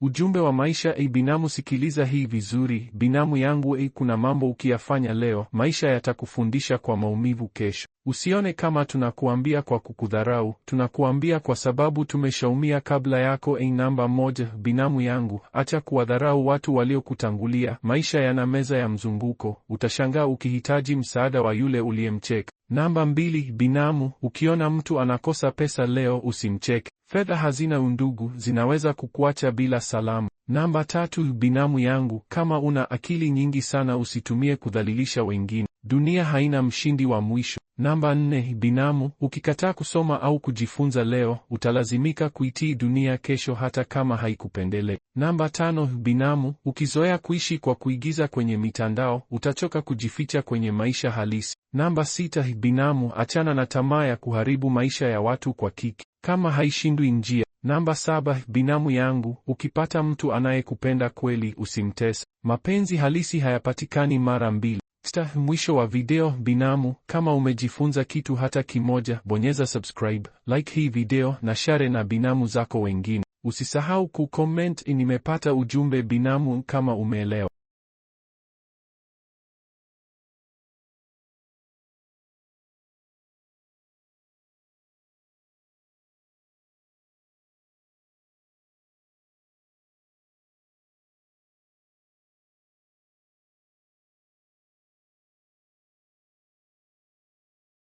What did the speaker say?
Ujumbe wa maisha. Ei binamu, sikiliza hii vizuri binamu yangu. Ei, kuna mambo ukiyafanya leo, maisha yatakufundisha kwa maumivu kesho. Usione kama tunakuambia kwa kukudharau, tunakuambia kwa sababu tumeshaumia kabla yako. Ei namba moja, binamu yangu, acha kuwadharau watu waliokutangulia. Maisha yana meza ya mzunguko, utashangaa ukihitaji msaada wa yule uliyemcheka. Namba mbili, binamu, ukiona mtu anakosa pesa leo, usimcheke. Fedha hazina undugu, zinaweza kukuacha bila salamu. Namba tatu, binamu yangu, kama una akili nyingi sana usitumie kudhalilisha wengine. Dunia haina mshindi wa mwisho. Namba nne, binamu, ukikataa kusoma au kujifunza leo, utalazimika kuitii dunia kesho, hata kama haikupendele. Namba tano, binamu, ukizoea kuishi kwa kuigiza kwenye mitandao, utachoka kujificha kwenye maisha halisi. Namba sita, binamu, achana na tamaa ya kuharibu maisha ya watu kwa kiki kama haishindwi njia. Namba saba, binamu yangu, ukipata mtu anayekupenda kweli usimtese. Mapenzi halisi hayapatikani mara mbili. Sta, mwisho wa video binamu. Kama umejifunza kitu hata kimoja, bonyeza subscribe, like hii video na share na binamu zako wengine. Usisahau kucomment nimepata ujumbe binamu, kama umeelewa.